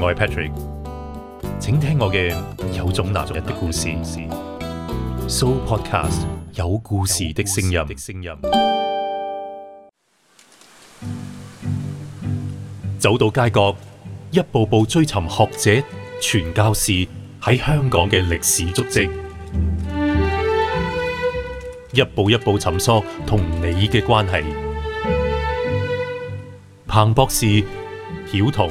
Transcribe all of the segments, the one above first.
我係 Patrick，請聽我嘅有種男人的故事。So Podcast 有故事的聲音。的聲音走到街角，一步步追尋學者、傳教士喺香港嘅歷史足跡，一步一步尋索同你嘅關係。彭博士曉彤。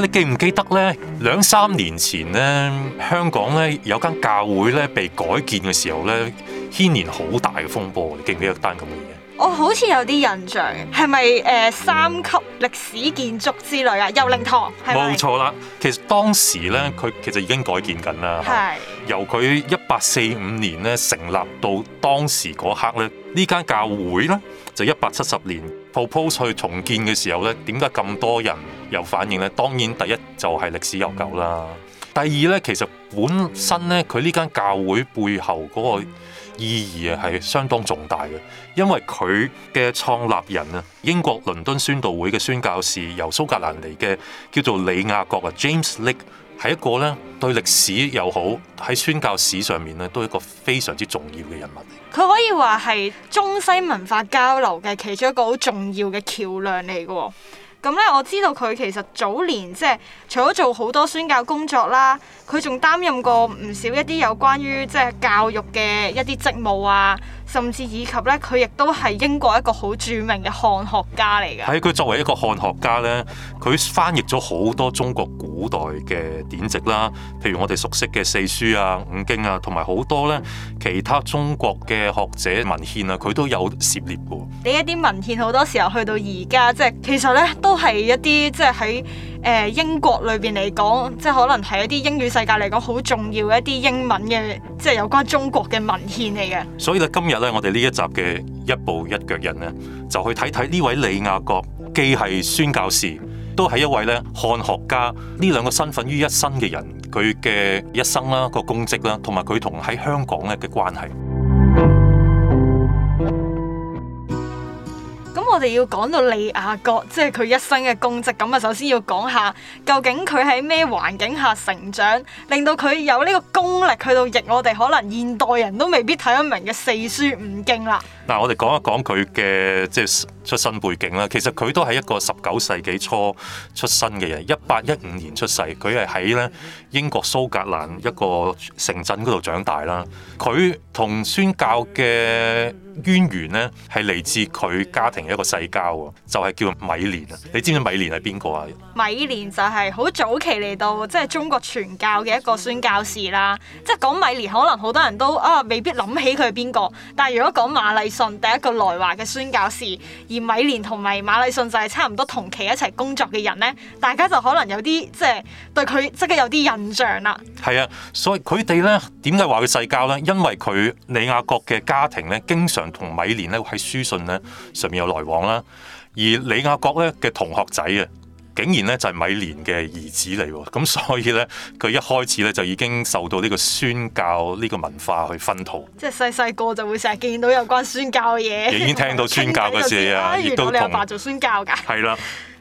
唔你記唔記得呢？兩三年前呢，香港呢有間教會呢被改建嘅時候呢，牽連好大嘅風波。你記唔記得一單咁嘅嘢？我、哦、好似有啲印象，係咪誒三級歷史建築之類啊？佑寧、嗯、堂冇錯啦，其實當時呢，佢其實已經改建緊啦。係、嗯、是由佢一八四五年呢成立到當時嗰刻呢，呢間教會呢，就一百七十年 propose 去重建嘅時候呢，點解咁多人？有反應咧，當然第一就係歷史悠久啦。第二咧，其實本身咧，佢呢間教會背後嗰個意義啊，係相當重大嘅，因為佢嘅創立人啊，英國倫敦宣道會嘅宣教士，由蘇格蘭嚟嘅叫做理雅各啊，James Legge，係一個咧對歷史又好喺宣教史上面咧都係一個非常之重要嘅人物。佢可以話係中西文化交流嘅其中一個好重要嘅橋梁嚟嘅喎。咁咧，嗯，我知道佢其實早年即係除咗做好多宣教工作啦，佢仲擔任過唔少一啲有關於即係教育嘅一啲職務啊。甚至以及咧，佢亦都係英國一個好著名嘅漢學家嚟㗎。喺佢作為一個漢學家咧，佢翻譯咗好多中國古代嘅典籍啦，譬如我哋熟悉嘅四書啊、五經啊，同埋好多咧其他中國嘅學者文獻啊，佢都有涉獵㗎。你一啲文獻好多時候去到而家，即係其實咧都係一啲即係喺。英國裏邊嚟講，即係可能係一啲英語世界嚟講好重要嘅一啲英文嘅，即係有關中國嘅文獻嚟嘅。所以咧，今日咧，我哋呢一集嘅一步一腳印咧，就去睇睇呢位李亞國既係宣教士，都係一位咧漢學家，呢兩個身份於一身嘅人，佢嘅一生啦、個功績啦，同埋佢同喺香港咧嘅關係。我哋要講到理雅各，即係佢一生嘅功績咁啊！首先要講下，究竟佢喺咩環境下成長，令到佢有呢個功力去到譯我哋可能現代人都未必睇得明嘅《四書五經》啦。嗱，我哋講一講佢嘅即係。就是出身背景啦，其實佢都係一個十九世紀初出生嘅人，一八一五年出世，佢係喺咧英國蘇格蘭一個城鎮嗰度長大啦。佢同宣教嘅淵源咧係嚟自佢家庭一個世交喎，就係叫米連啊！你知唔知米連係邊個啊？米連就係好早期嚟到即係中國傳教嘅一個宣教士啦。即係講米連，可能好多人都啊未必諗起佢係邊個，但係如果講馬禮遜第一個來華嘅宣教士而米蓮同埋馬禮遜就係差唔多同期一齊工作嘅人呢，大家就可能有啲即係對佢即刻有啲印象啦。係啊，所以佢哋呢點解話佢世交呢？因為佢李亞國嘅家庭呢，經常同米蓮呢喺書信呢上面有來往啦。而李亞國呢嘅同學仔啊。竟然咧就係米廉嘅兒子嚟。哦，咁所以咧佢一開始咧就已經受到呢個宣教呢個文化去薰陶。即係細細個就會成日見到有關宣教嘅嘢，已經聽到宣教嘅事啊，亦都你阿爸，爸做宣教㗎。係啦，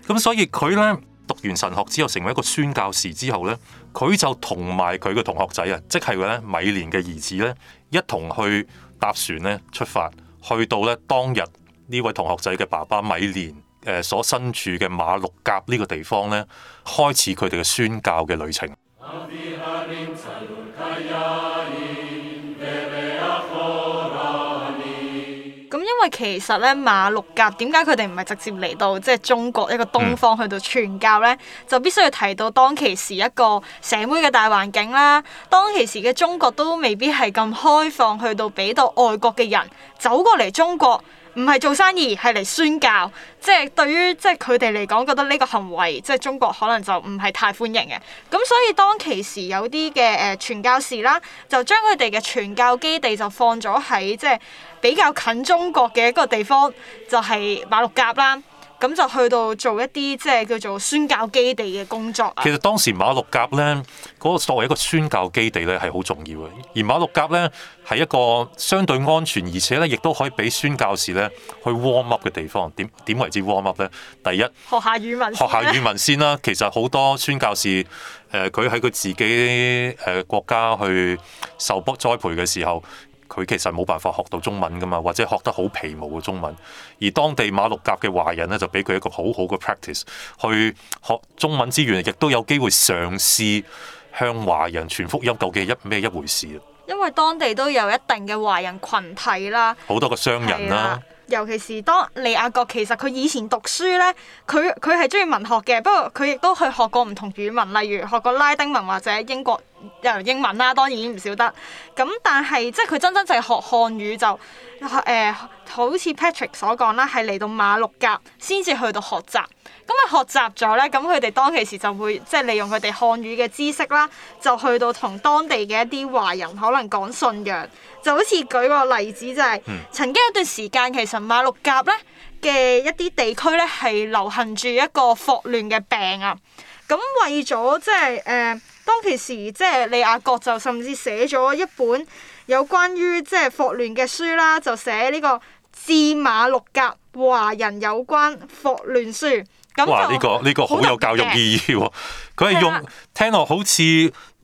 咁所以佢咧讀完神學之後成為一個宣教師之後咧，佢就同埋佢個同學仔啊，即係咧米廉嘅兒子咧，一同去搭船咧出發，去到咧當日呢位同學仔嘅爸爸米廉。誒所身處嘅馬六甲呢個地方咧，開始佢哋嘅宣教嘅旅程。咁、嗯、因為其實咧，馬六甲點解佢哋唔係直接嚟到即係、就是、中國一個東方去到傳教咧？就必須要提到當其時一個社會嘅大環境啦。當其時嘅中國都未必係咁開放，去到俾到外國嘅人走過嚟中國，唔係做生意，係嚟宣教，即係對於即係佢哋嚟講，覺得呢個行為即係中國可能就唔係太歡迎嘅。咁所以當其時有啲嘅誒傳教士啦，就將佢哋嘅傳教基地就放咗喺即係比較近中國嘅一個地方，就係馬六甲啦。咁就去到做一啲即係叫做宣教基地嘅工作啊。其實當時馬六甲咧，嗰個作為一個宣教基地咧係好重要嘅。而馬六甲咧係一個相對安全，而且咧亦都可以俾宣教士咧去 warm up 嘅地方。點點為之 warm up 咧？第一，學下語文先。學下語文先啦啊。其實好多宣教士誒，佢喺佢自己誒國家去受培栽培嘅時候。佢其實冇辦法學到中文噶嘛，或者學得好皮毛嘅中文。而當地馬六甲嘅華人呢，就俾佢一個好好嘅 practice 去學中文之餘，亦都有機會嘗試向華人傳福音，究竟係一咩一回事？因為當地都有一定嘅華人群體啦，好多個商人啦，尤其是當利亞國，其實佢以前讀書呢，佢佢係中意文學嘅，不過佢亦都去學過唔同語文，例如學過拉丁文或者英國。由英文啦，當然唔少得。咁但係即係佢真真正係學漢語就誒、欸，好似 Patrick 所講啦，係嚟到馬六甲先至去到學習。咁、嗯、啊，學習咗呢，咁佢哋當其時就會即係利用佢哋漢語嘅知識啦，就去到同當地嘅一啲華人可能講信仰。就好似舉個例子，就係、是嗯、曾經有段時間，其實馬六甲呢嘅一啲地區呢，係流行住一個霍亂嘅病啊。咁、嗯、為咗即係誒。呃當其時，即係李亞國就甚至寫咗一本有關於即係霍亂嘅書啦，就寫呢個《智馬六甲華人有關霍亂書》。哇！呢個呢個好有教育意義喎，佢係用聽落好似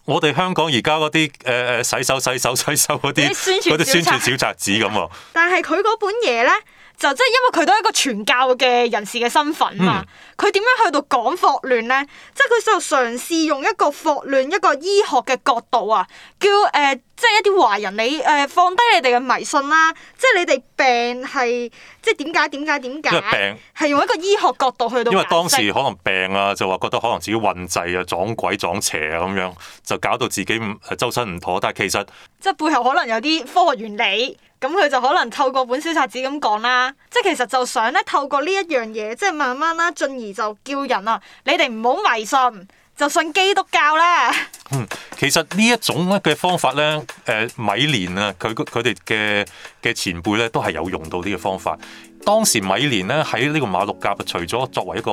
我哋香港而家嗰啲誒誒洗手洗手洗手嗰啲嗰啲宣傳小冊子咁喎。但係佢嗰本嘢呢，就即係因為佢都係一個傳教嘅人士嘅身份嘛。嗯佢點樣去到講霍亂呢？即係佢想嘗試用一個霍亂一個醫學嘅角度啊，叫誒、呃，即係一啲華人你誒、呃、放低你哋嘅迷信啦，即係你哋病係即係點解？點解？點解？病係用一個醫學角度去到。因為當時可能病啊，就話覺得可能自己運滯啊，撞鬼撞邪啊咁樣，就搞到自己、呃、周身唔妥，但係其實即係背後可能有啲科學原理，咁佢就可能透過本小冊子咁講啦，即係其實就想咧透過呢一樣嘢，即係慢慢啦，進而。就叫人啊！你哋唔好迷信，就信基督教啦。嗯，其實呢一種嘅方法咧，誒，米蓮啊，佢佢哋嘅嘅前輩咧，都係有用到呢個方法。當時米蓮咧喺呢個馬六甲，除咗作為一個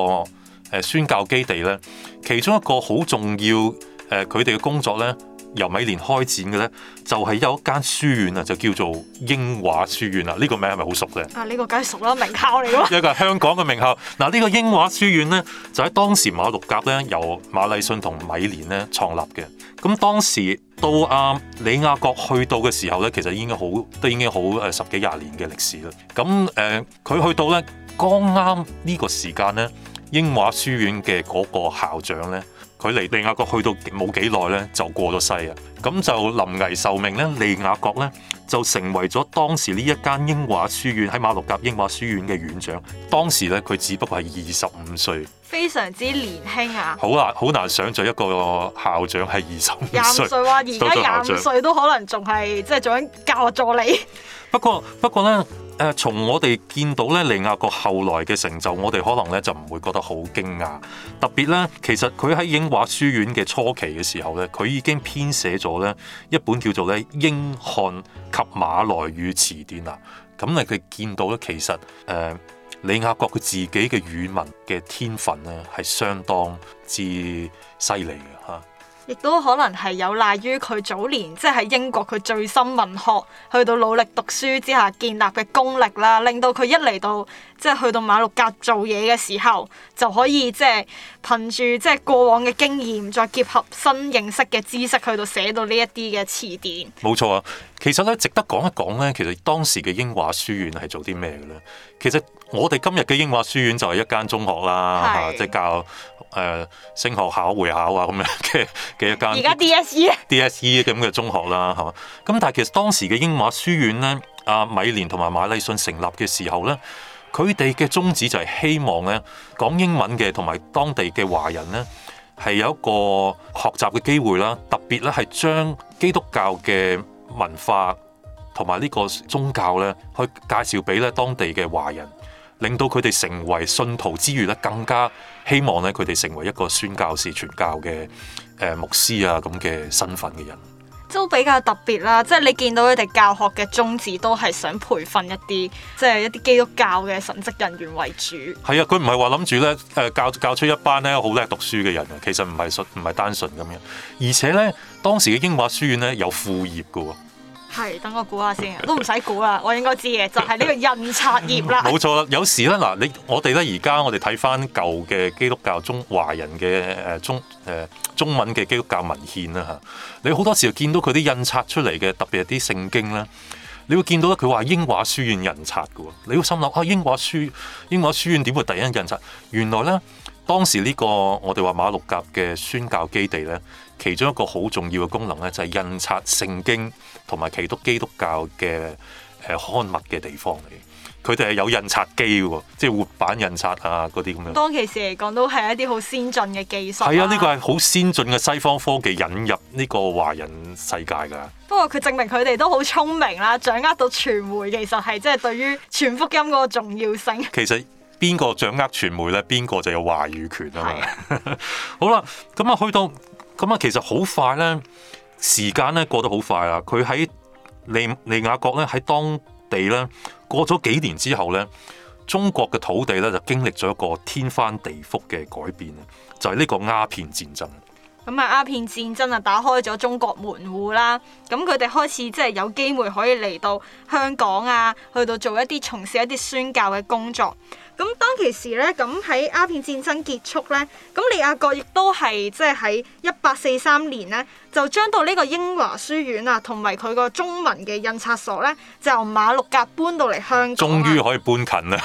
誒宣教基地咧，其中一個好重要誒，佢哋嘅工作咧。由米憐開展嘅咧，就係、是、有一間書院啊，就叫做英華書院啦。呢、這個名係咪好熟嘅？啊，呢、這個梗係熟啦，名校嚟咯。 一個香港嘅名校。嗱，呢個英華書院咧，就喺當時馬六甲咧，由馬禮遜同米憐咧創立嘅。咁當時到阿理雅各去到嘅時候咧，其實已經好都已經好誒十幾廿年嘅歷史啦。咁誒，佢、呃、去到咧，剛啱呢個時間咧，英華書院嘅嗰個校長咧。佢嚟利亞國去到冇幾耐咧，就過咗世啊！咁就臨危受命咧，利亞國咧就成為咗當時呢一間英華書院喺馬六甲英華書院嘅院長。當時咧，佢只不過係二十五歲，非常之年輕啊！好難、啊、好難想象一個校長係二十五歲，都校長。而家廿五歲都可能仲係即係做緊教助理。不過不過咧。誒，從、呃、我哋見到咧，李亞國後來嘅成就，我哋可能咧就唔會覺得好驚訝。特別咧，其實佢喺英華書院嘅初期嘅時候咧，佢已經編寫咗咧一本叫做咧《英漢及馬來語詞典》啦。咁啊，佢見到咧，其實誒李亞國佢自己嘅語文嘅天分咧係相當之犀利嘅嚇。亦都可能係有賴於佢早年即係喺英國佢醉心文學，去到努力讀書之下建立嘅功力啦，令到佢一嚟到即係去到馬六甲做嘢嘅時候，就可以即係憑住即係過往嘅經驗，再結合新認識嘅知識，去到寫到呢一啲嘅詞典。冇錯啊，其實咧值得講一講咧，其實當時嘅英華書院係做啲咩嘅咧？其實我哋今日嘅英華書院就係一間中學啦，是即係教。誒、呃，升學考會考啊，咁樣嘅嘅一間，而家 DSE，DSE 咁嘅中學啦，係嘛？咁但係其實當時嘅英華書院呢，阿米蓮同埋馬禮遜成立嘅時候呢，佢哋嘅宗旨就係希望呢，講英文嘅同埋當地嘅華人呢，係有一個學習嘅機會啦，特別咧係將基督教嘅文化同埋呢個宗教呢，去介紹俾咧當地嘅華人，令到佢哋成為信徒之餘呢，更加。希望咧佢哋成為一個宣教士、傳教嘅誒牧師啊，咁嘅身份嘅人，都比較特別啦。即係你見到佢哋教學嘅宗旨，都係想培訓一啲即係一啲基督教嘅神職人員為主。係啊，佢唔係話諗住咧誒教教出一班咧好叻讀書嘅人嘅，其實唔係純唔係單純咁樣。而且咧當時嘅英華書院咧有副業㗎喎。係，等我估下先，都唔使估啦，我應該知嘅，就係、是、呢個印刷業啦。冇錯啦，有時咧嗱，你我哋咧而家我哋睇翻舊嘅基督教中華人嘅誒、呃、中誒、呃、中文嘅基督教文獻啦嚇，你好多時候見到佢啲印刷出嚟嘅，特別係啲聖經咧，你會見到咧佢話英華書院印刷㗎喎，你會心諗啊，英華書英華書院點會突然印刷？原來咧當時呢、這個我哋話馬六甲嘅宣教基地咧。其中一個好重要嘅功能咧，就係印刷聖經同埋基督基督教嘅誒刊物嘅地方嚟。佢哋係有印刷機喎，即係活版印刷啊嗰啲咁樣。當其時嚟講，都係一啲好先進嘅技術。係啊，呢個係好先進嘅西方科技引入呢個華人世界㗎。不過佢證明佢哋都好聰明啦，掌握到傳媒其實係即係對於傳福音嗰個重要性。 其實邊個掌握傳媒咧，邊個就有話語權啊嘛。啊 好啦，咁啊去到。咁啊，其實好快咧，時間咧過得好快啦。佢喺利利亞國咧喺當地咧過咗幾年之後咧，中國嘅土地咧就經歷咗一個天翻地覆嘅改變啊！就係呢個鴉片戰爭。咁啊，鴉片戰爭啊，打開咗中國門戶啦。咁佢哋開始即係有機會可以嚟到香港啊，去到做一啲從事一啲宣教嘅工作。咁當其時咧，咁喺鴉片戰爭結束咧，咁利亞國亦都係，即係喺一八四三年咧。就將到呢個英華書院啊，同埋佢個中文嘅印刷所咧，就由馬六甲搬到嚟香港。終於可以搬近啦，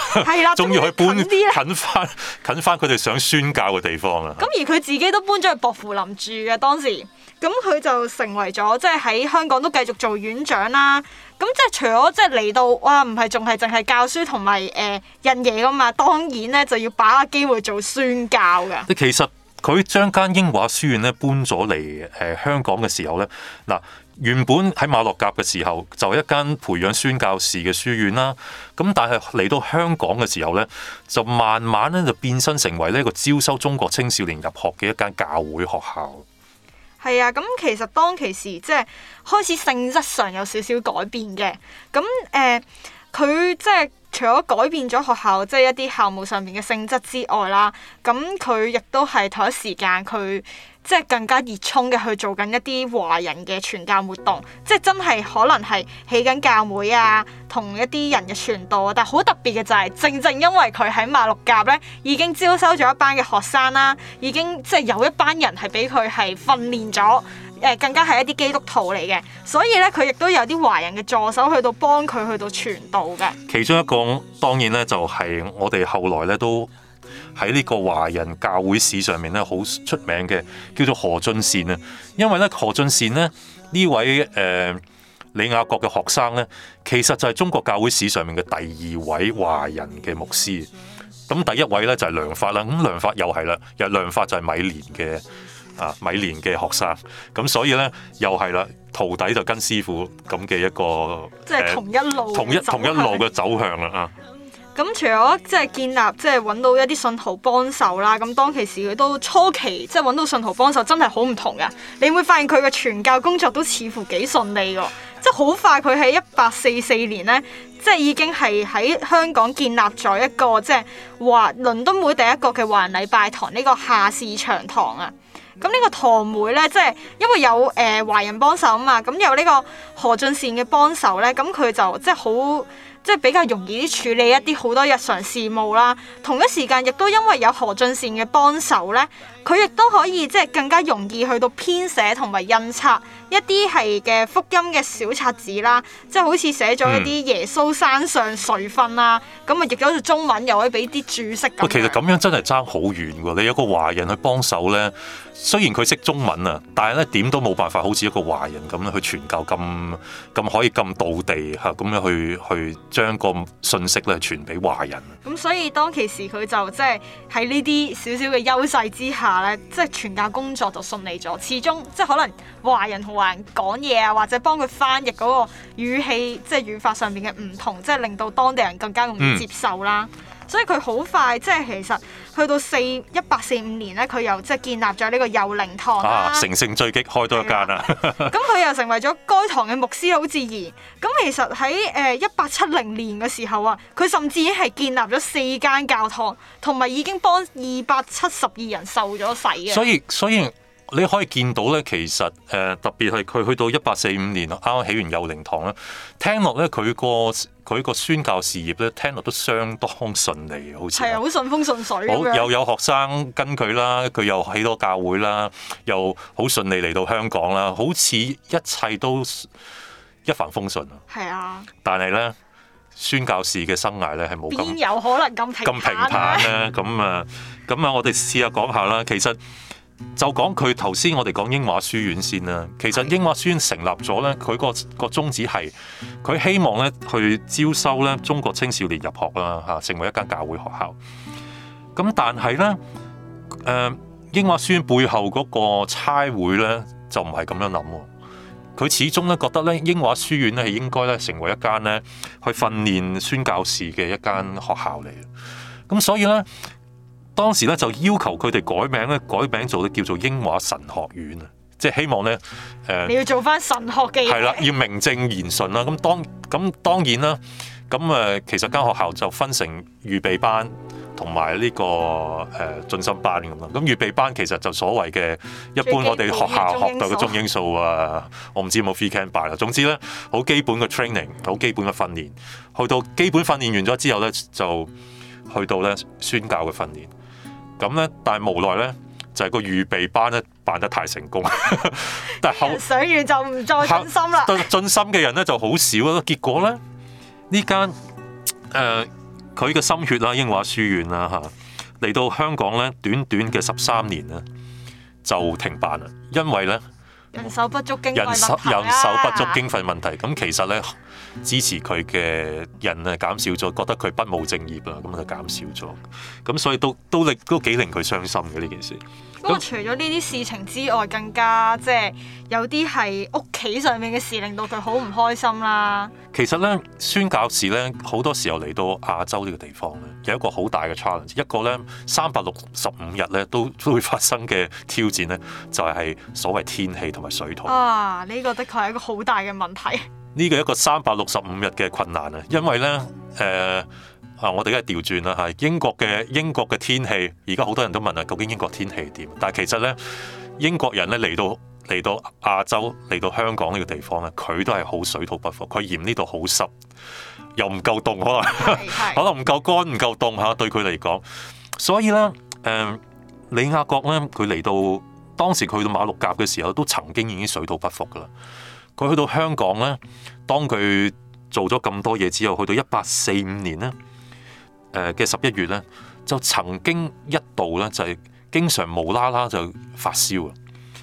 終於可以搬近翻近翻佢哋想宣教嘅地方啦。咁而佢自己都搬咗去薄扶林住嘅當時，咁佢就成為咗即係喺香港都繼續做院長啦。咁即係除咗即係嚟到哇，唔係仲係淨係教書同埋誒印嘢噶嘛，當然咧就要把握機會做宣教噶。即其實。佢將間英華書院咧搬咗嚟誒香港嘅時候咧，嗱原本喺馬六甲嘅時候就係、一間培養宣教士嘅書院啦，咁但係嚟到香港嘅時候咧，就慢慢咧就變身成為呢個招收中國青少年入學嘅一間教會學校。係啊，咁、嗯、其實當其時即係開始性質上有少少改變嘅，咁誒佢即係。除咗改變咗學校，即係一啲校務上面嘅性質之外啦，咁佢亦都係同一時間，佢即係更加熱衷嘅去做緊一啲華人嘅傳教活動，即係真係可能係起緊教會啊，同一啲人嘅傳道啊，但係好特別嘅就係正正因為佢喺馬六甲呢已經招收咗一班嘅學生啦，已經即係有一班人係俾佢係訓練咗。誒更加係一啲基督徒嚟嘅，所以咧佢亦都有啲華人嘅助手去到幫佢去到傳道嘅。其中一個當然咧就係、是、我哋後來咧都喺呢個華人教會史上面咧好出名嘅叫做何進善。啊。因為咧何進善呢，呢位誒理雅各嘅學生咧，其實就係中國教會史上面嘅第二位華人嘅牧師。咁、嗯、第一位咧就係、是、梁發啦。咁、嗯、梁發又係啦，又梁發就係米憐嘅。啊！米憐嘅學生咁、啊，所以咧又係啦，徒弟就跟師傅咁嘅一個即係同一路、呃，同一同一路嘅走向啦。啊、嗯！咁除咗即係建立，即係揾到一啲信徒幫手啦。咁當其時佢都初期即係揾到信徒幫手，真係好唔同㗎。你會發現佢嘅傳教工作都似乎幾順利㗎，即係好快佢喺一八四四年咧，即、就、係、是、已經係喺香港建立咗一個即係華倫敦會第一個嘅華人禮拜堂呢個下市場堂啊。咁呢個堂妹咧，即係因為有誒、呃、華人幫手啊嘛，咁有呢個何俊善嘅幫手咧，咁佢就即係好即係比較容易處理一啲好多日常事務啦。同一時間亦都因為有何俊善嘅幫手咧，佢亦都可以即係更加容易去到編寫同埋印刷，一啲係嘅福音嘅小冊子啦，即係好似寫咗一啲耶穌山上垂訓啦，咁啊都好似中文，又可以俾啲注釋咁。其實咁樣真係爭好遠喎！你有個華人去幫手咧。雖然佢識中文啊，但係咧點都冇辦法好似一個華人咁去傳教咁咁可以咁道地嚇咁樣，去去將個信息咧傳俾華人。咁所以當其時佢就即係喺呢啲少少嘅優勢之下咧，即係傳教工作就順利咗。始終即係可能華人同華人講嘢啊，或者幫佢翻譯嗰個語氣即係語法上面嘅唔同，即係令到當地人更加容易接受啦。嗯所以佢好快，即係其實去到四一八四五年咧，佢又即係建立咗呢個幼靈堂啊，乘勝追擊，開多一間啊！咁 佢 又成為咗該堂嘅牧師好自然。咁其實喺誒一八七零年嘅時候啊，佢甚至已經係建立咗四間教堂，同埋已經幫二百七十二人受咗洗嘅。所以，所以。你可以見到咧，其實誒特別係佢去到一八四五年，啱啱起完幼靈堂咧，聽落咧佢個佢個宣教事業咧，聽落都相當順利，好似係啊，好順風順水又有學生跟佢啦，佢又起多教會啦，又好順利嚟到香港啦，好似一切都一帆風順啊。係啊，但係咧宣教士嘅生涯咧係冇，點有可能咁平咁平坦咧？咁啊，咁啊，我哋試下講下啦。其實。就講佢頭先，我哋講英華書院先啦。其實英華書院成立咗呢，佢個宗旨係佢希望呢，去招收呢中國青少年入學啦嚇，成為一間教會學校。咁但係呢，誒、呃、英華書院背後嗰個差會呢，就唔係咁樣諗喎。佢始終呢覺得呢，英華書院呢，係應該呢成為一間呢去訓練宣教士嘅一間學校嚟。咁所以呢。當時咧就要求佢哋改名咧，改名做咧叫做英華神學院啊！即係希望咧，誒、呃、你要做翻神學嘅人，係啦，要名正言順啦。咁當咁當然啦，咁誒其實間學校就分成預備班同埋呢個誒、呃、進修班咁樣。咁預備班其實就所謂嘅一般我哋學校學到嘅中英數啊，我唔知有冇 free camp 班啦。總之咧，好基本嘅 training，好基本嘅訓練。去到基本訓練完咗之後咧，就去到咧宣教嘅訓練。咁咧，但係無奈咧，就係、是、個預備班咧辦得太成功 但後，但係後想完就唔再進心啦。進進心嘅人咧就好少啦。結果咧，呢間誒佢嘅心血啦，英華書院啦嚇，嚟、啊、到香港咧短短嘅十三年咧就停辦啦，因為咧。人手不足經，人手人手不足經費問題，咁、啊、其實咧支持佢嘅人咧減少咗，覺得佢不務正業啦，咁就減少咗，咁所以都都令都，都幾令佢傷心嘅呢件事。咁除咗呢啲事情之外，更加即係有啲係屋企上面嘅事，令到佢好唔開心啦。其實咧，宣教士咧好多時候嚟到亞洲呢個地方咧，有一個好大嘅 challenge，一個咧三百六十五日咧都都會發生嘅挑戰咧，就係所謂天氣同埋水土。啊！呢個的確係一個好大嘅問題。呢個一個三百六十五日嘅困難啊，因為咧誒。呃啊！我哋而家調轉啦嚇。英國嘅英國嘅天氣，而家好多人都問啊，究竟英國天氣係點？但係其實咧，英國人咧嚟到嚟到亞洲嚟到香港呢個地方咧，佢都係好水土不服。佢嫌呢度好濕，又唔夠凍可能， 可能唔夠乾唔夠凍嚇，對佢嚟講。所以咧，誒、呃、李亞國咧，佢嚟到當時佢去到馬六甲嘅時候，都曾經已經水土不服噶啦。佢去到香港咧，當佢做咗咁多嘢之後，去到一八四五年咧。誒嘅十一月咧，就曾經一度咧，就係、是、經常無啦啦就發燒啊。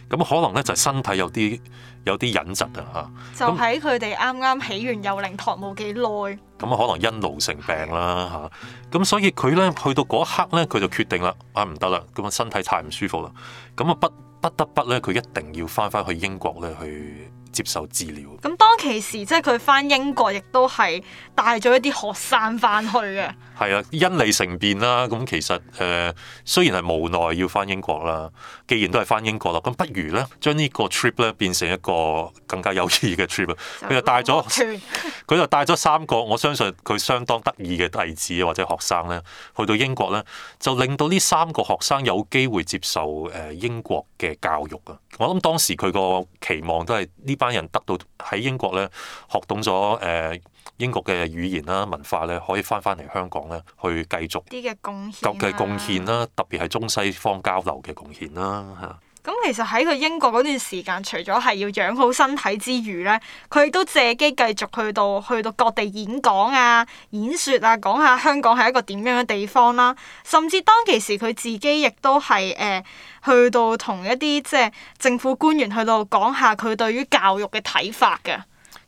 咁可能咧就係、是、身體有啲有啲隱疾啊嚇。就喺佢哋啱啱起完幼靈堂冇幾耐，咁啊可能因勞成病啦嚇。咁、啊、所以佢咧去到嗰刻咧，佢就決定啦啊唔得啦，咁啊身體太唔舒服啦，咁啊不不得不咧佢一定要返返去英國咧去。接受治療。咁當其時，即係佢翻英國，亦都係帶咗一啲學生翻去嘅。係啊，因利成便啦、啊。咁其實誒、呃，雖然係無奈要翻英國啦，既然都係翻英國啦，咁不如咧，將個呢個 trip 咧變成一個更加有意義嘅 trip。佢就帶咗。 佢就帶咗三個，我相信佢相當得意嘅弟子或者學生咧，去到英國咧，就令到呢三個學生有機會接受誒英國嘅教育啊！我諗當時佢個期望都係呢班人得到喺英國咧學懂咗誒英國嘅語言啦、文化咧，可以翻翻嚟香港咧去繼續啲嘅貢獻啦，各嘅貢獻啦，特別係中西方交流嘅貢獻啦嚇。咁其實喺佢英國嗰段時間，除咗係要養好身體之餘呢，佢都借機繼續去到去到各地演講啊、演說啊，講下香港係一個點樣嘅地方啦、啊。甚至當其時佢自己亦都係誒、呃、去到同一啲即係政府官員去到講下佢對於教育嘅睇法嘅。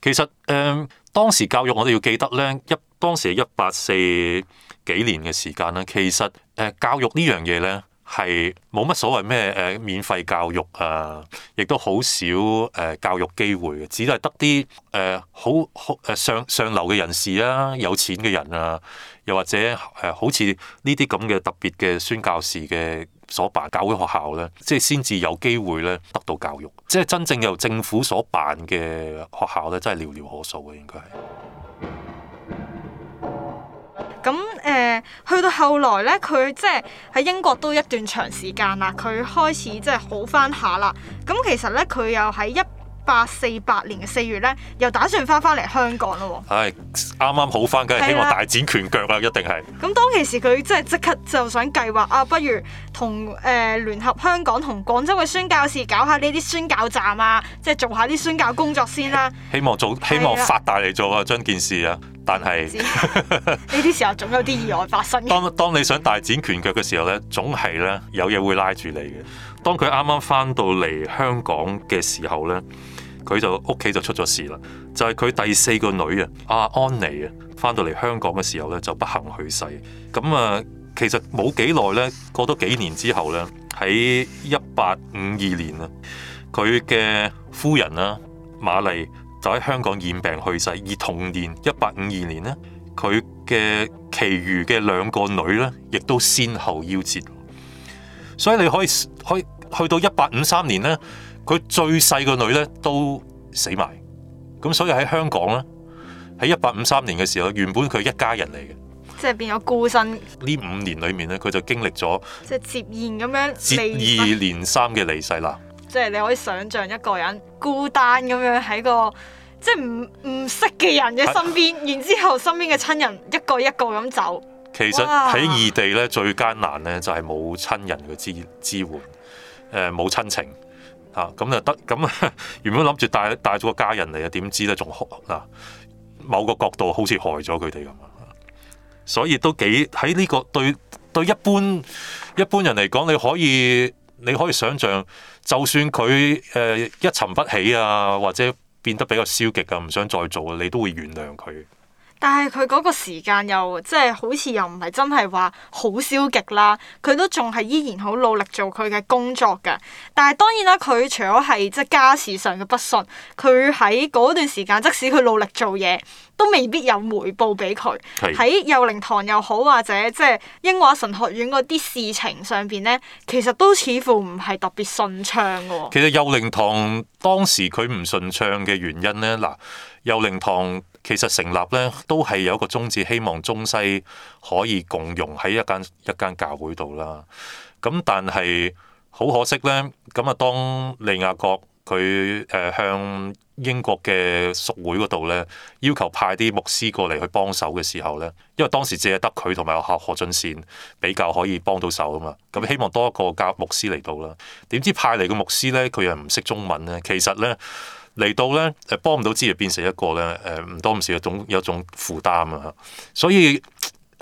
其實誒、呃、當時教育我哋要記得呢，一當時係一八四幾年嘅時間啦。其實誒、呃、教育呢樣嘢呢。係冇乜所謂咩誒、呃、免費教育啊，亦都好少誒、呃、教育機會嘅，只係得啲誒、呃、好好誒上上流嘅人士啦、啊，有錢嘅人啊，又或者誒、呃、好似呢啲咁嘅特別嘅宣教士嘅所辦教會學校咧，即係先至有機會咧得到教育，即係真正由政府所辦嘅學校咧，真係寥寥可數嘅應該係。誒、呃，去到後來咧，佢即係喺英國都一段長時間啦，佢開始即係好翻下啦。咁其實咧，佢又喺一八四八年嘅四月咧，又打算翻翻嚟香港咯。唉、哎，啱啱好翻，梗係希望大展拳腳啦，一定係。咁當其時佢即係即刻就想計劃啊，不如同誒聯合香港同廣州嘅宣教士搞下呢啲宣教站啊，即係做下啲宣教工作先啦、啊。希望做，希望發大嚟做啊，將呢件事啊。但係，呢啲時候總有啲意外發生。當當你想大展拳腳嘅時候咧，總係咧有嘢會拉住你嘅。當佢啱啱翻到嚟香港嘅時候咧，佢就屋企就出咗事啦。就係佢第四個女啊，阿安妮啊，翻到嚟香港嘅時候咧，就不幸去世。咁啊，其實冇幾耐咧，過多幾年之後咧，喺一八五二年啊，佢嘅夫人啊，瑪麗，就喺香港染病去世，而同年一八五二年呢，佢嘅其餘嘅兩個女呢，亦都先後夭折。所以你可以可以去到一八五三年呢，佢最細個女呢，都死埋。咁所以喺香港呢，喺一八五三年嘅時候，原本佢一家人嚟嘅，即係變咗孤身。呢五年裏面呢，佢就經歷咗即係接二咁樣接二連三嘅離世啦。即係你可以想象一個人孤單咁樣喺個即係唔唔識嘅人嘅身邊，啊、然之後身邊嘅親人一個一個咁走。其實喺異地咧哇最艱難咧就係、是、冇親人嘅支支援，誒、呃、冇親情吓，咁、啊、就得咁、啊、原本諗住帶帶咗個家人嚟啊，點知咧仲學某個角度好似害咗佢哋咁啊！所以都幾喺呢個對對一般一般人嚟講，你可以。你可以想象，就算佢誒、呃、一沉不起啊，或者變得比較消極啊，唔想再做啊，你都會原諒佢。但係佢嗰個時間又即係、就是、好似又唔係真係話好消極啦，佢都仲係依然好努力做佢嘅工作㗎。但係當然啦，佢除咗係即係家事上嘅不順，佢喺嗰段時間即使佢努力做嘢，都未必有回報俾佢，喺佑寧堂又好，或者即係英華神學院嗰啲事情上邊呢，其實都似乎唔係特別順暢嘅。其實佑寧堂當時佢唔順暢嘅原因呢，嗱，佑寧堂其實成立呢，都係有一個宗旨，希望中西可以共融喺一間一間教會度啦。咁但係好可惜呢，咁啊當理雅各。佢誒、呃、向英國嘅屬會嗰度咧，要求派啲牧師過嚟去幫手嘅時候咧，因為當時只係得佢同埋阿何何俊善比較可以幫到手啊嘛，咁、嗯、希望多一個教牧師嚟到啦。點知派嚟嘅牧師咧，佢又唔識中文咧，其實咧嚟到咧誒幫唔到之，就變成一個咧誒唔多唔少有一種有一種負擔啊，所以。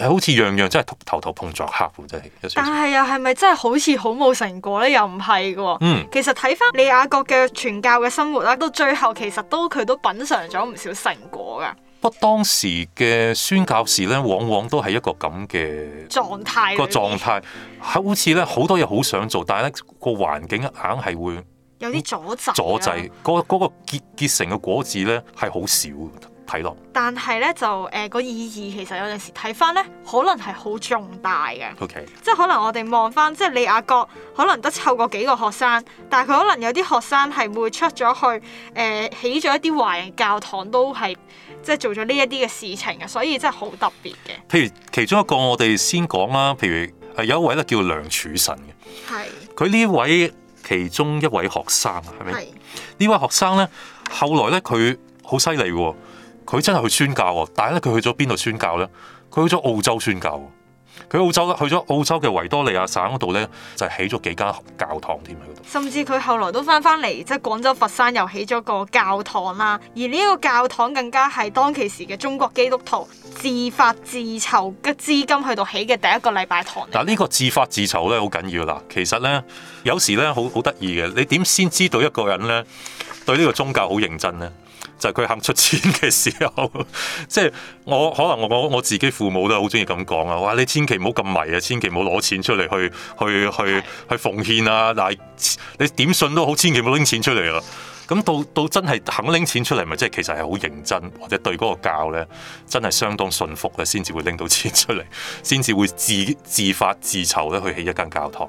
好似樣樣真係頭頭碰着黑真係，小小但係又係咪真係好似好冇成果咧？又唔係嘅喎。嗯，其實睇翻李亞國嘅傳教嘅生活啦，到最後其實都佢都品嚐咗唔少成果㗎。不過當時嘅宣教士咧，往往都係一個咁嘅狀態，個狀態係的好似咧好多嘢好想做，但係咧個環境硬係會有啲阻、啊、阻滯，阻滯嗰嗰個結結成嘅果子咧係好少。睇落，但係咧就誒、呃嗰個意義其實有陣時睇翻咧，可能係好重大嘅。O Okay . K，即係可能我哋望翻，即係你阿哥可能得湊過幾個學生，但係佢可能有啲學生係會出咗去誒起咗一啲華人教堂都，都係即係做咗呢一啲嘅事情啊，所以真係好特別嘅。譬如其中一個我哋先講啦，譬如係有一位咧叫梁柱臣嘅，係佢呢位其中一位學生係咪？呢是位學生咧，後來咧佢好犀利喎。佢真係去宣教喎，但係咧佢去咗邊度宣教呢？佢去咗澳洲宣教，佢澳洲去咗澳洲嘅維多利亞省嗰度呢，就起咗幾間教堂添喺嗰度。甚至佢後來都翻翻嚟，即係廣州佛山又起咗個教堂啦。而呢個教堂更加係當其時嘅中國基督徒自發自籌嘅資金去到起嘅第一個禮拜堂。嗱，呢個自發自籌呢，好緊要啦。其實呢，有時呢，好好得意嘅，你點先知道一個人呢，對呢個宗教好認真呢？就係佢肯出錢嘅時候 即，即係我可能我我我自己父母都好中意咁講啊！哇，你千祈唔好咁迷啊，千祈唔好攞錢出嚟去去去去奉獻啊！但係你點信都好，千祈唔好拎錢出嚟啊。咁到到真係肯拎錢出嚟，咪即係其實係好認真，或者對嗰個教咧真係相當信服咧，先至會拎到錢出嚟，先至會自自發自籌咧去起一間教堂。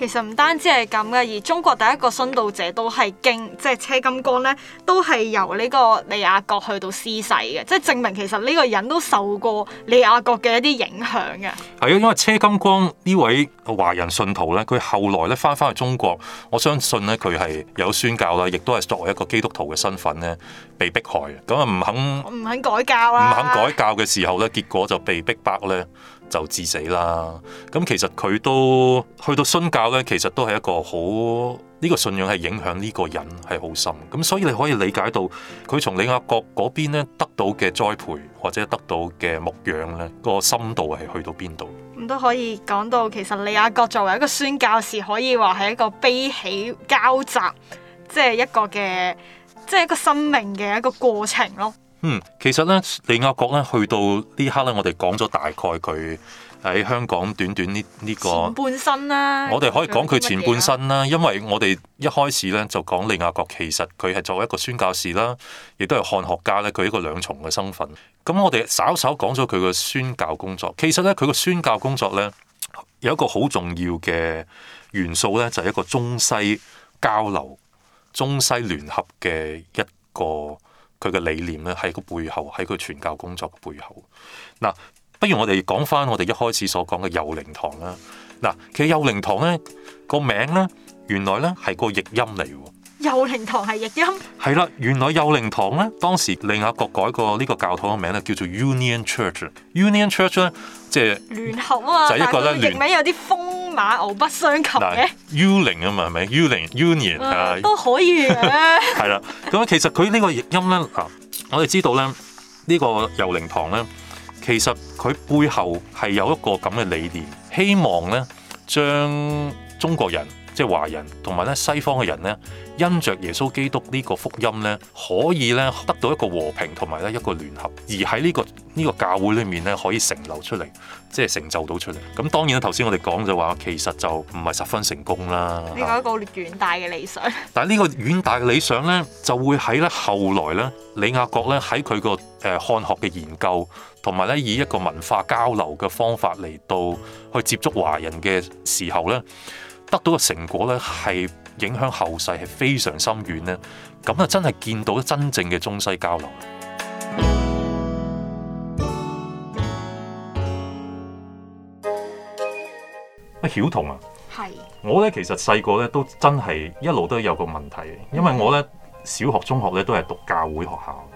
其實唔單止係咁嘅，而中國第一個殉道者都係經，即係車金光咧，都係由呢個利亞國去到施洗嘅，即係證明其實呢個人都受過利亞國嘅一啲影響嘅。係啊，因為車金光呢位華人信徒咧，佢後來咧翻翻去中國，我相信咧佢係有宣教啦，亦都係作為一個基督徒嘅身份咧被迫害嘅，咁啊唔肯唔肯改教啦，啊，唔肯改教嘅時候咧，結果就被逼白咧。就自死啦。咁其實佢都去到宣教咧，其實都係一個好呢、呢個信仰係影響呢個人係好深。咁所以你可以理解到佢從理雅各嗰邊咧得到嘅栽培或者得到嘅牧養咧、個深度係去到邊度。咁都可以講到，其實理雅各作為一個宣教士，可以話係一個悲喜交集，即係一個嘅，即係一個生命嘅一個過程咯。嗯，其實咧，理雅各咧，去到刻呢刻咧，我哋講咗大概佢喺香港短短呢呢、這個前半生啦。我哋可以講佢前半生啦，啊，因為我哋一開始咧就講理雅各其實佢係作為一個宣教士啦，亦都係漢學家咧，佢一個兩重嘅身份。咁我哋稍稍講咗佢嘅宣教工作，其實咧佢嘅宣教工作咧有一個好重要嘅元素咧，就係、是、一個中西交流、中西聯合嘅一個。佢嘅理念咧，喺佢背後，喺佢傳教工作背後。嗱，不如我哋講翻我哋一開始所講嘅幼靈堂啦。嗱，其實幼靈堂咧個名咧，原來咧係個譯音嚟。幼靈堂係譯音？係啦，原來幼靈堂咧，當時理雅各改過呢個教堂嘅名咧，叫做 Union Church。Union Church 咧，即係聯合啊嘛，就一個咧譯名有啲風。馬牛不相及嘅 ，U 零啊嘛，係咪 U 零 Union 啊都可以嘅、啊， 係啦。咁啊、這個，其實佢呢個譯音咧，我哋知道咧，呢個游靈堂咧，其實佢背後係有一個咁嘅理念，希望咧將中國人。即係華人同埋咧西方嘅人咧，因着耶穌基督呢個福音咧，可以咧得到一個和平同埋咧一個聯合，而喺呢個呢個教會裏面咧，可以成流出嚟，即係成就到出嚟。咁當然啦，頭先我哋講就話其實就唔係十分成功啦。呢個一個遠大嘅理想。 但係呢個遠大嘅理想咧，就會喺咧後來咧，李亞國咧喺佢個誒漢學嘅研究，同埋咧以一個文化交流嘅方法嚟到去接觸華人嘅時候咧，得到嘅成果咧，係影響後世係非常深遠咧。咁啊，真係見到真正嘅中西交流。阿、啊、曉彤啊，是我呢，其實細個呢都真係一路都有個問題，因為我呢，小學、中學呢都係讀教會學校。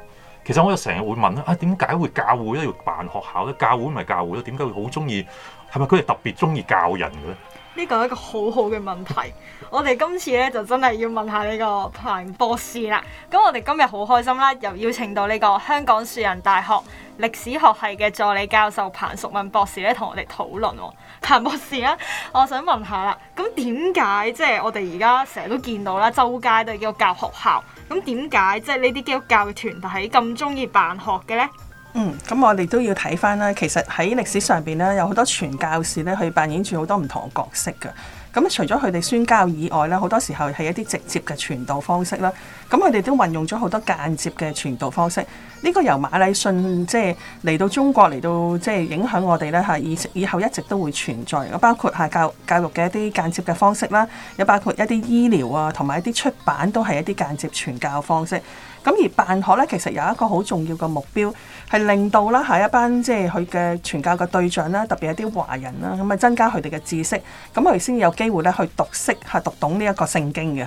其實我就成日會問啊，點解會教會咧要辦學校咧？教會唔係教會咯，點解會好中意？係咪佢哋特別中意教人嘅咧？呢個係一個好好嘅問題，我哋今次咧就真係要問下呢個彭博士啦。咁我哋今日好開心啦，又邀請到呢個香港樹仁大學歷史學系嘅助理教授彭淑敏博士咧同我哋討論。彭博士啊，我想問，問下啦，咁點解即係我哋而家成日都見到啦，周街都係叫教學校，咁點解即係呢啲基督教嘅團體咁中意辦學嘅呢？嗯，咁我哋都要睇翻啦。其實喺歷史上邊咧，有好多傳教士咧去扮演住好多唔同嘅角色嘅。咁、嗯、除咗佢哋宣教以外咧，好多時候係一啲直接嘅傳道方式啦。咁佢哋都運用咗好多間接嘅傳道方式。呢個由馬禮信即係嚟到中國嚟到，即係影響我哋咧嚇，以以後一直都會存在。咁包括嚇教教育嘅一啲間接嘅方式啦，又包括一啲醫療啊，同埋一啲出版都係一啲間接傳教方式。咁而辦學咧，其實有一個好重要嘅目標，係令到咧下一班即係佢嘅傳教嘅對象咧，特別係啲華人啦，咁咪增加佢哋嘅知識，咁佢先有機會咧去讀識、係讀懂呢一個聖經嘅。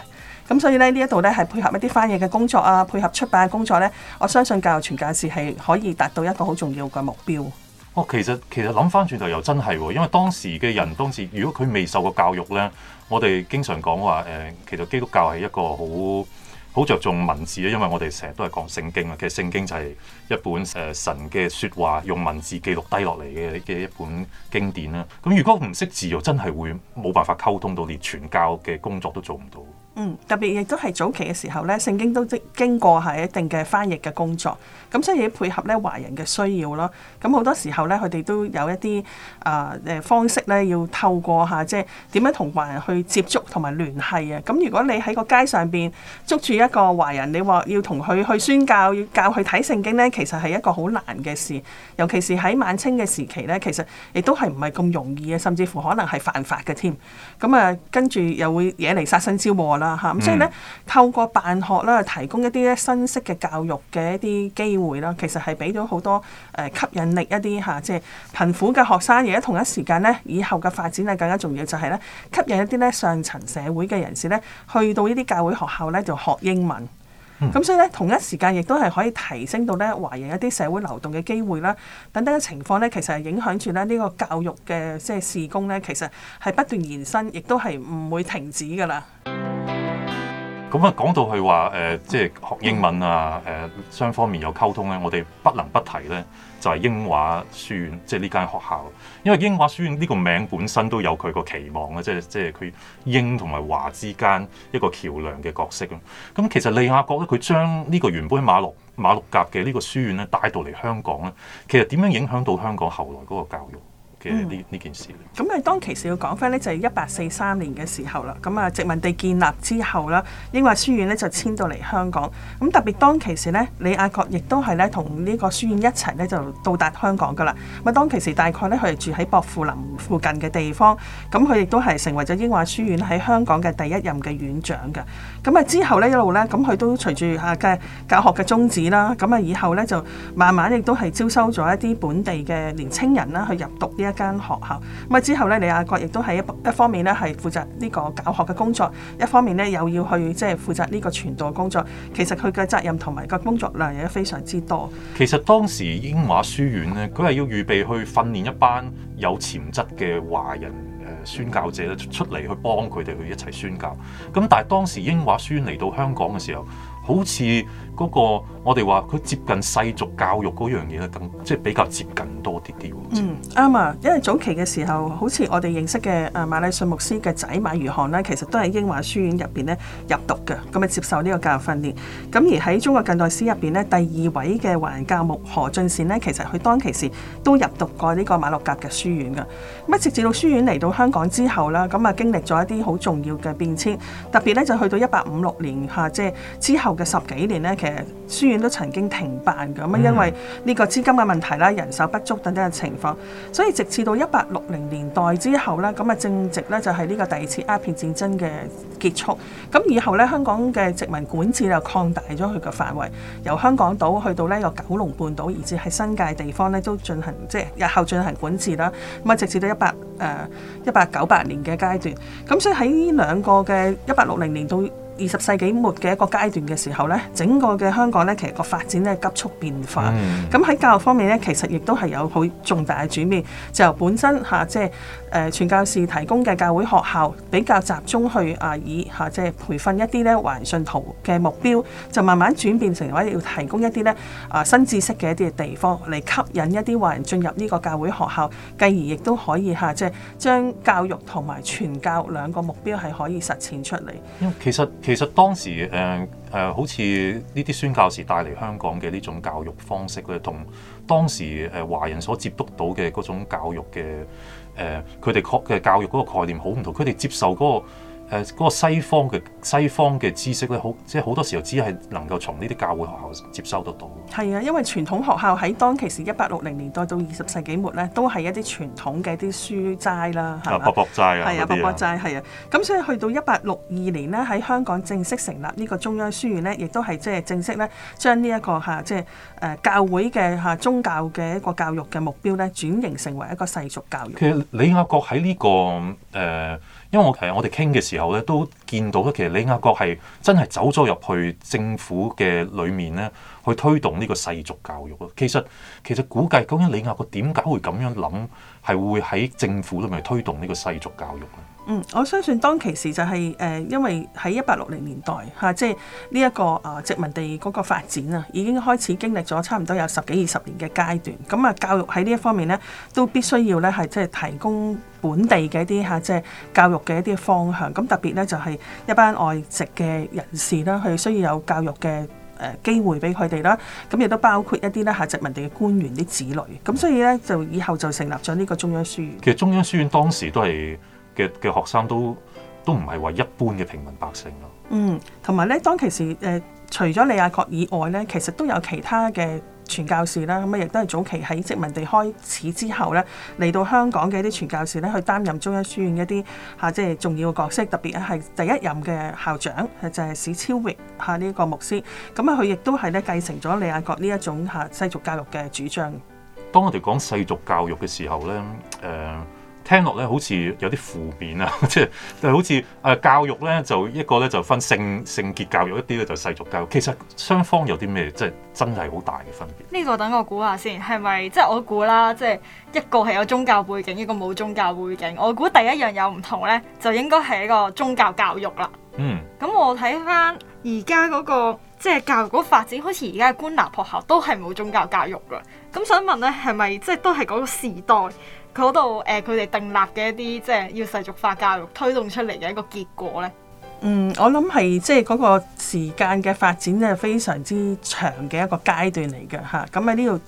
咁所以咧呢一度咧係配合一啲翻譯嘅工作啊，配合出版嘅工作咧，我相信教育傳教士是係可以達到一個好重要嘅目標。哦，其實其實諗翻轉頭又真係喎，因為當時嘅人當時如果佢未受過教育咧，我哋經常講話誒，其實基督教係一個好。好着重文字啊，因為我哋成日都係講聖經啊，其實聖經就係一本誒、呃、神嘅說話，用文字記錄低落嚟嘅嘅一本經典啦。咁如果唔識字，又真係會冇辦法溝通到，連傳教嘅工作都做唔到。嗯，特別亦都係早期嘅時候咧，聖經都經經過係一定嘅翻譯嘅工作，咁所以配合咧華人嘅需要咯，咁好多時候咧佢哋都有一啲啊誒方式咧，要透過下即係點樣同華人去接觸同埋聯繫啊。咁如果你喺個街上邊捉住一個華人，你話要同佢去宣教，要教佢睇聖經咧，其實係一個好難嘅事，尤其是喺晚清嘅時期咧，其實亦都係唔係咁容易嘅，甚至乎可能係犯法嘅添。咁啊，跟住又會惹嚟殺身之禍啦。啊咁所以咧，透過辦學咧，提供一啲咧新式嘅教育嘅一啲機會啦，其實係俾咗好多誒吸引力一啲嚇，即係貧苦嘅學生，而家同一時間咧，以後嘅發展啊更加重要，就係咧吸引一啲咧上層社會嘅人士咧，去到呢啲教會學校咧就學英文。咁所以咧，同一時間亦都係可以提升到咧，懷疑一啲社會流動嘅機會啦，等等嘅情況咧，其實係影響住咧呢個教育嘅即係時空咧，其實係不斷延伸，亦都係唔會停止噶啦。咁啊，講到佢話誒，即係學英文啊，誒，雙方面有溝通咧，我哋不能不提咧，就係英華書院，即係呢間學校，因為英華書院呢個名本身都有佢個期望咧，即係即係佢英同埋華之間一個橋梁嘅角色咯。咁其實理雅各咧，佢將呢個原本馬六馬六甲嘅呢個書院咧帶到嚟香港咧，其實點樣影響到香港後來嗰個教育嘅呢件事。咁啊、嗯，當其時要講翻呢，就係一八四三年嘅時候啦。咁啊，殖民地建立之後啦，英華書院呢就遷到嚟香港。咁特別當其時呢，理雅各亦都係呢，同呢個書院一齊呢，就到達香港噶啦。咁當其時大概呢，佢係住喺薄扶林附近嘅地方。咁佢亦都係成為咗英華書院喺香港嘅第一任嘅院長嘅。咁啊之後呢，一路呢，咁佢都隨住啊嘅教學嘅宗旨啦，咁啊以後呢，就慢慢亦都係招收咗一啲本地嘅年青人啦，去入讀呢一間學校。咁啊之後呢，李亞國亦都係一一方面呢係負責呢個教學嘅工作，一方面呢又要去即係、就是、負責呢個傳道工作。其實佢嘅責任同埋個工作量亦都非常之多。其實當時英華書院呢，佢係要預備去訓練一班有潛質嘅華人。宣教者咧出嚟去幫佢哋去一齊宣教，咁但係當時英華書院嚟到香港嘅時候，好似嗰個我哋話佢接近世俗教育嗰樣嘢咧，更即係比較接近多啲啲，嗯，啱啊，因為早期嘅時候，好似我哋認識嘅啊馬禮遜牧師嘅仔馬儒翰咧，其實都係英華書院入邊咧入讀嘅，咁咪接受呢個教育訓練。咁而喺中國近代史入邊咧，第二位嘅華人教牧何俊善咧，其實佢當其時都入讀過呢個馬六甲嘅書院㗎。咁啊，直至到書院嚟到香港之後啦，咁啊經歷咗一啲好重要嘅變遷，特別咧就去到一八五六年嚇，即係之後。嘅十幾年咧，其實書院都曾經停辦，咁啊，因為呢個資金嘅問題啦、人手不足等等嘅情況，所以直至到一八六零年代之後咧，咁啊正值咧就係呢個第二次鴉片戰爭嘅結束。咁以後咧，香港嘅殖民管治又擴大咗佢嘅範圍，由香港島去到呢個九龍半島，而至喺新界地方咧都進行即係、就是、日後進行管治啦。咁啊，直至到一八誒一八九八年嘅階段。咁所以喺呢兩個嘅一八六零年到，二十世紀末嘅一個階段嘅時候呢，整個嘅香港呢，其實個發展呢急速變化。咁喺、mm. 教育方面呢，其實亦都係有好重大嘅轉變。就由本身嚇，即係誒傳教士提供嘅教會學校比較集中去啊，以嚇即係培訓一啲呢華人信徒嘅目標，就慢慢轉變成話要提供一啲呢啊新知識嘅一啲地方嚟吸引一啲華人進入呢個教會學校，繼而亦都可以嚇即係將教育同埋傳教兩個目標係可以實踐出嚟。因為其實。其實當時誒誒、呃呃，好似呢啲宣教士帶嚟香港嘅呢種教育方式咧，同當時誒、呃、華人所接觸到嘅嗰種教育嘅誒，佢哋確嘅教育嗰個概念好唔同，佢哋接受嗰、那個。誒嗰個西方嘅西方嘅知識咧，好即係好多時候只係能夠從呢啲教會學校接收得到。係啊，因為傳統學校喺當其時一八六零年代到二十世紀末咧，都係一啲傳統嘅啲書齋啦，係嘛？博博齋啊，係啊，博博些齋係啊。咁所以去到一八六二年咧，喺香港正式成立呢個中央書院咧，亦都係即係正式咧將呢、這、一個嚇即係誒教會嘅嚇、啊、宗教嘅一個教育嘅目標咧，轉型成為一個世俗教育。其實理雅各喺呢、這個誒。呃因為我其實，我哋傾嘅時候咧，都見到其實李亞國係真係走咗入去政府嘅裡面咧。去推動呢個世俗教育咯，其實其實估計究竟理雅各點解會咁樣諗，係會喺政府裏面推動呢個世俗教育啊。嗯，我相信當其時就係、是、誒、呃，因為喺一八六零年代嚇、啊、即係呢一個啊殖民地嗰個發展啊，已經開始經歷咗差唔多有十幾二十年嘅階段。咁啊，教育喺呢一方面呢，都必須要呢係、啊、即係提供本地嘅一啲嚇、啊、即係教育嘅一啲方向。咁、啊、特別呢，就係、是、一班外籍嘅人士啦，佢需要有教育嘅。誒機會俾佢哋啦，咁亦都包括一啲咧，係殖民地嘅官員啲子女。咁所以咧，就以後就成立咗呢個中央書院。其實中央書院當時都係嘅嘅學生都都唔係話一般嘅平民百姓咯。嗯，同埋咧，當其時誒、呃，除咗李亞確以外咧，其實都有其他嘅。傳教士啦，咁啊亦都係早期喺殖民地開始之後咧，嚟到香港嘅一啲傳教士咧，去擔任中央書院一啲嚇、啊、即係重要嘅角色，特別係第一任嘅校長，就係、是、史釗域嚇呢個牧師。咁啊，佢亦都係咧繼承咗理雅各呢一種嚇、啊、世俗教育嘅主張。當我哋講世俗教育嘅時候咧，誒、呃。聽落咧，好似有啲負面啊！即係，但好似誒教育咧，就一個咧就分性性別教育一啲咧就世俗教育。其實雙方有啲咩，即係真係好大嘅分別。呢個等我估下先，係咪即係我估啦？即係一個係有宗教背景，一個冇宗教背景。我估第一樣有唔同咧，就應該係一個宗教教育啦。嗯。咁我睇翻而家嗰個。即係教育嘅發展，好似而家嘅官立學校都係冇宗教教育啦。咁想問咧，係咪即係都係嗰個時代嗰度誒佢哋訂立嘅一啲即係要世俗化教育推動出嚟嘅一個結果咧？嗯，我諗係即係嗰個時間嘅發展咧，係非常之長嘅一個階段嚟嘅嚇。咁喺呢度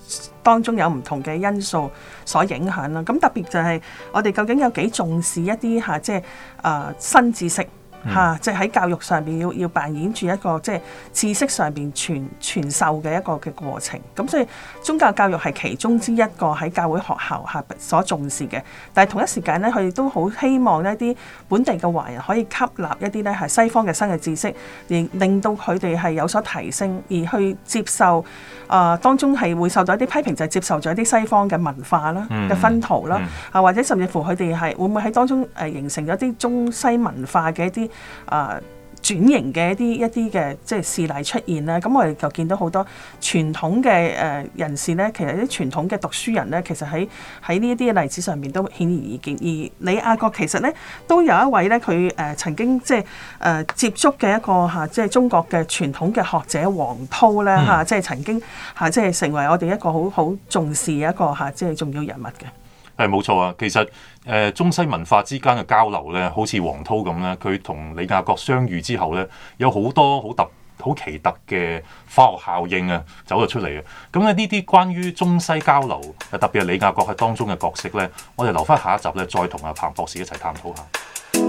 當中有唔同嘅因素所影響啦。咁、啊、特別就係我哋究竟有幾重視一啲嚇即係誒新知識？嚇，即係喺教育上邊要要扮演住一個即係、就是、知識上邊傳傳授嘅一個嘅過程。咁、嗯、所以宗教教育係其中之一個喺教會學校下所重視嘅。但係同一時間咧，佢哋都好希望一啲本地嘅華人可以吸納一啲咧係西方嘅新嘅知識，令到佢哋係有所提升，而去接受啊、呃、當中係會受到一啲批評就係、是、接受咗一啲西方嘅文化啦嘅熏陶啦。嗯、啊或者甚至乎佢哋係會唔會喺當中誒形成咗啲中西文化嘅一啲。啊，轉型嘅一啲一啲嘅即係事例出現啦，咁我哋就見到好多傳統嘅誒人士咧，其實啲傳統嘅讀書人咧，其實喺喺呢一啲例子上面都顯而易見。而李亞國其實咧都有一位咧，佢誒曾經即係誒接觸嘅一個嚇，即、啊、係中國嘅傳統嘅學者黃濤咧嚇、嗯啊，即係曾經嚇、啊、即係成為我哋一個好好重視一個嚇、啊，即係重要人物嘅。係冇錯啊！其實誒、呃，中西文化之間嘅交流咧，好似黃濤咁咧，佢同李亞國相遇之後咧，有好多好特、好奇特嘅化學效應啊，走咗出嚟啊！咁咧呢啲關於中西交流，特別係李亞國喺當中嘅角色咧，我哋留翻下，下一集咧，再同阿彭博士一齊探討下。